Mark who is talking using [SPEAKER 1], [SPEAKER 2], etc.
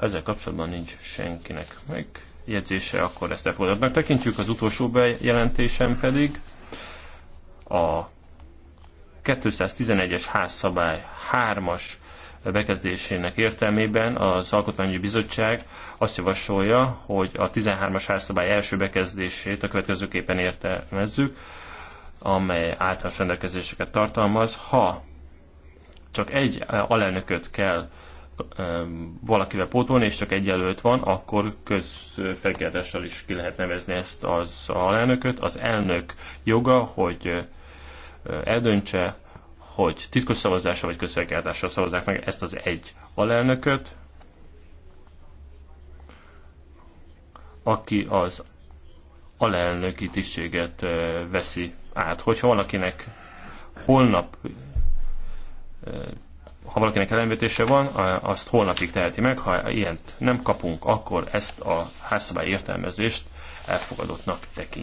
[SPEAKER 1] ezzel kapcsolatban nincs senkinek megjegyzése, akkor ezt elfogadottnak tekintjük. Az utolsó bejelentésem pedig a 211-es házszabály 3-as bekezdésének értelmében az Alkotmányi Bizottság azt javasolja, hogy a 13-as házszabály első bekezdését a következőképpen értelmezzük, amely általános rendelkezéseket tartalmaz, ha csak egy alelnököt kell Ehm, valakivel pótolni, és csak egy jelölt van, akkor közfelkérdéssel is ki lehet nevezni ezt az alelnököt. Az elnök joga, hogy eh, eldöntse, hogy titkos szavazással vagy közfelkérdéssel szavazzák meg ezt az egy alelnököt, aki az alelnöki tisztséget eh, veszi át. Hogyha valakinek holnap eh, valakinek ellenvetése van, azt holnapig teheti meg, ha ilyent nem kapunk, akkor ezt a házszabály értelmezést elfogadottnak tekintjük.